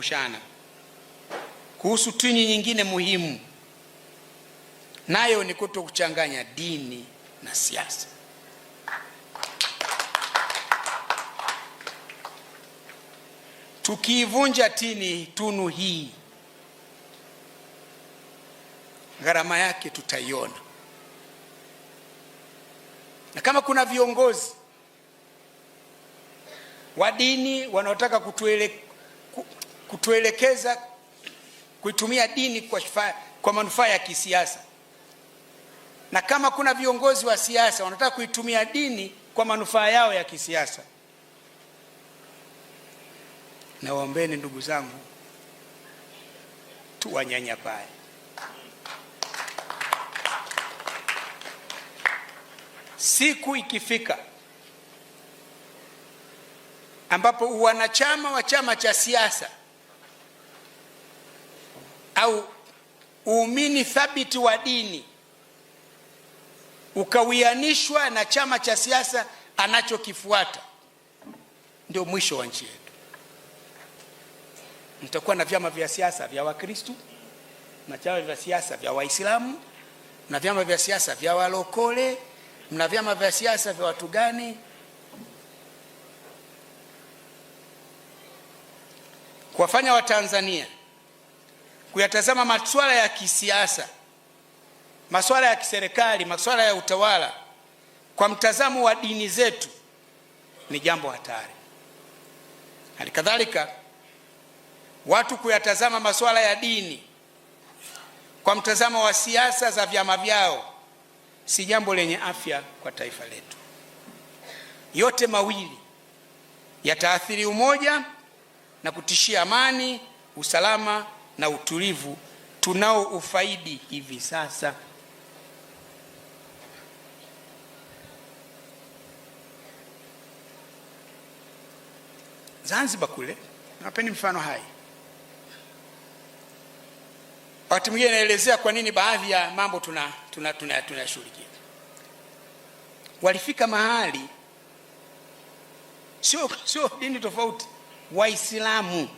Kushana. Kuhusu tini nyingine muhimu nayo ni kuto kuchanganya dini na siasa. Tukiivunja tini tunu hii, gharama yake tutaiona, na kama kuna viongozi wa dini wanaotaka kutuelekea kutuelekeza kuitumia dini kwa, kwa manufaa ya kisiasa. Na kama kuna viongozi wa siasa wanataka kuitumia dini kwa manufaa yao ya kisiasa, nawaombeni ndugu zangu, tuwanyanyapae. Siku ikifika ambapo wanachama wa chama cha siasa au uumini thabiti wa dini ukawianishwa na chama cha siasa anachokifuata, ndio mwisho wa nchi yetu. Mtakuwa na vyama vya siasa vya Wakristu na vyama vya siasa vya Waislamu na vyama vya siasa vya walokole na vyama vya siasa vya watu gani? kuwafanya Watanzania kuyatazama masuala ya kisiasa, masuala ya kiserikali, masuala ya utawala kwa mtazamo wa dini zetu ni jambo hatari. Halikadhalika, watu kuyatazama masuala ya dini kwa mtazamo wa siasa za vyama vyao si jambo lenye afya kwa taifa letu. Yote mawili yataathiri umoja na kutishia amani, usalama na utulivu tunao ufaidi hivi sasa. Zanzibar kule, napeni mfano hai. Wakati mwingine naelezea kwa nini baadhi ya mambo tunayashughulikia tuna, tuna, tuna, tuna walifika mahali sio sio dini tofauti Waislamu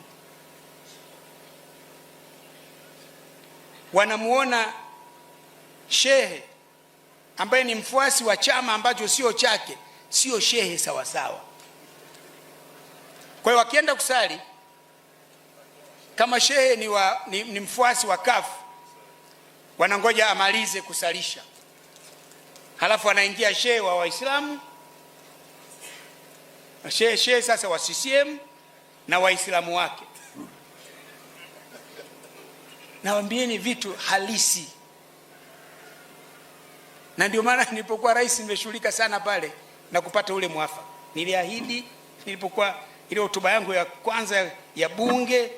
wanamuona shehe ambaye ni mfuasi wa chama ambacho sio chake, sio shehe sawa sawa. Kwa hiyo wakienda kusali kama shehe ni, wa, ni, ni mfuasi wa kafu, wanangoja amalize kusalisha, halafu anaingia shehe wa Waislamu shehe shehe sasa wa CCM na Waislamu wake nawambieni vitu halisi, na ndio maana nilipokuwa rais nimeshughulika sana pale na kupata ule mwafaka. Niliahidi nilipokuwa ile hotuba yangu ya kwanza ya bunge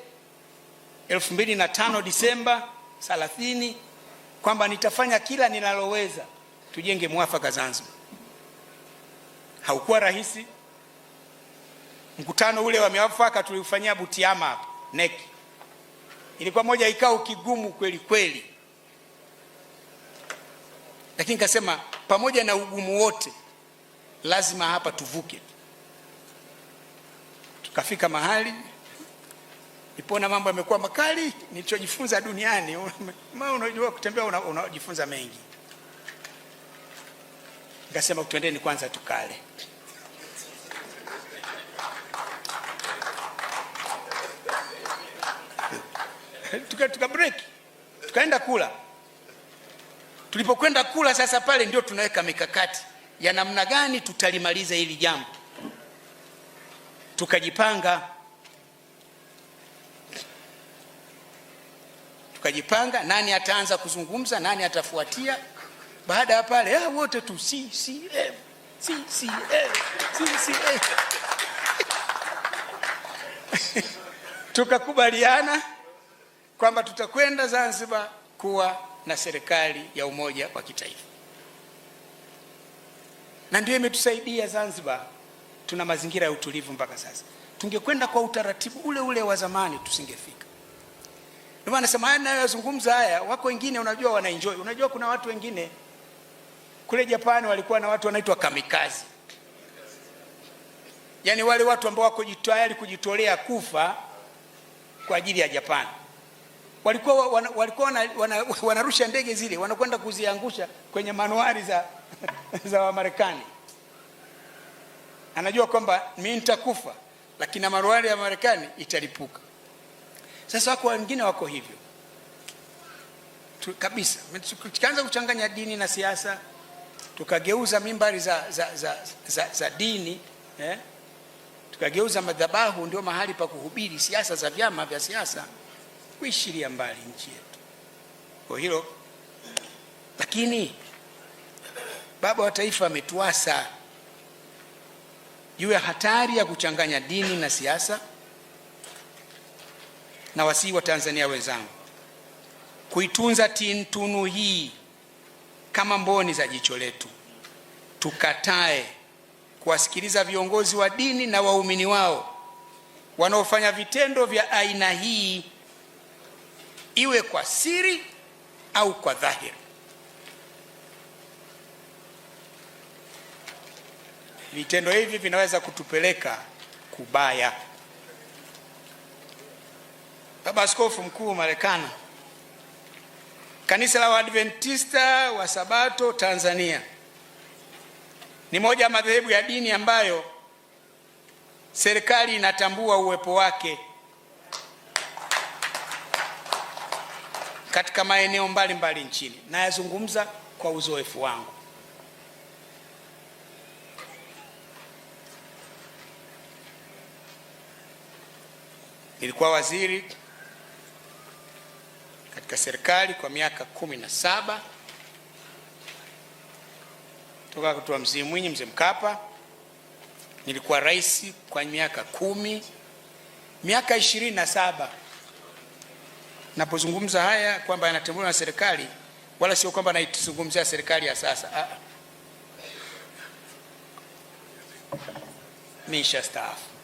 2005 Disemba 30 kwamba nitafanya kila ninaloweza tujenge mwafaka Zanzibar. Haukuwa rahisi. Mkutano ule wa mwafaka tuliufanyia Butiama hapa neki Ilikuwa moja ikao kigumu kweli kweli, lakini kasema pamoja na ugumu wote lazima hapa tuvuke. Tukafika mahali nipona mambo yamekuwa makali. Nilichojifunza duniani, unajua kutembea unajifunza mengi, nikasema tuendeni kwanza tukale. tuka, tuka break tukaenda kula. Tulipokwenda kula sasa, pale ndio tunaweka mikakati ya namna gani tutalimaliza hili jambo, tukajipanga tukajipanga, nani ataanza kuzungumza, nani atafuatia. Baada ya pale ah, wote tu CCM CCM CCM tukakubaliana kwamba tutakwenda Zanzibar kuwa na serikali ya umoja wa kitaifa, na ndio imetusaidia Zanzibar. Tuna mazingira ya utulivu mpaka sasa. Tungekwenda kwa utaratibu ule ule wa zamani, tusingefika. Ndio maana nasema haya ninayozungumza haya, wako wengine unajua wana enjoy. Unajua kuna watu wengine kule Japani walikuwa na watu wanaitwa kamikazi, yaani wale watu ambao wako tayari kujitolea kufa kwa ajili ya Japani walikuwa wana, walikuwa wanarusha wana, wana ndege zile wanakwenda kuziangusha kwenye manuari za, za Wamarekani. Anajua kwamba mimi nitakufa, lakini manuari ya Marekani italipuka. Sasa wako wengine wako hivyo tu, kabisa. Tukaanza kuchanganya dini na siasa, tukageuza mimbari za, za, za, za, za dini eh? Tukageuza madhabahu ndio mahali pa kuhubiri siasa za vyama vya siasa kuishiria mbali nchi yetu kwa hilo. Lakini baba wa taifa ametuasa juu ya hatari ya kuchanganya dini na siasa, na wasii wa Tanzania wenzangu kuitunza tunu hii kama mboni za jicho letu, tukatae kuwasikiliza viongozi wa dini na waumini wao wanaofanya vitendo vya aina hii iwe kwa siri au kwa dhahiri. Vitendo hivi vinaweza kutupeleka kubaya. Baba Askofu Mkuu Marekani, Kanisa la Waadventista wa Sabato Tanzania ni moja ya madhehebu ya dini ambayo serikali inatambua uwepo wake katika maeneo mbalimbali nchini, nayazungumza kwa uzoefu wangu. Nilikuwa waziri katika serikali kwa miaka kumi na saba toka wakati wa Mzee Mwinyi, Mzee Mkapa. Nilikuwa rais kwa miaka kumi, miaka ishirini na saba. Napozungumza haya kwamba yanatembuliwa na serikali, wala sio kwamba naizungumzia serikali ya sasa. Ah. Mimi nishastaafu.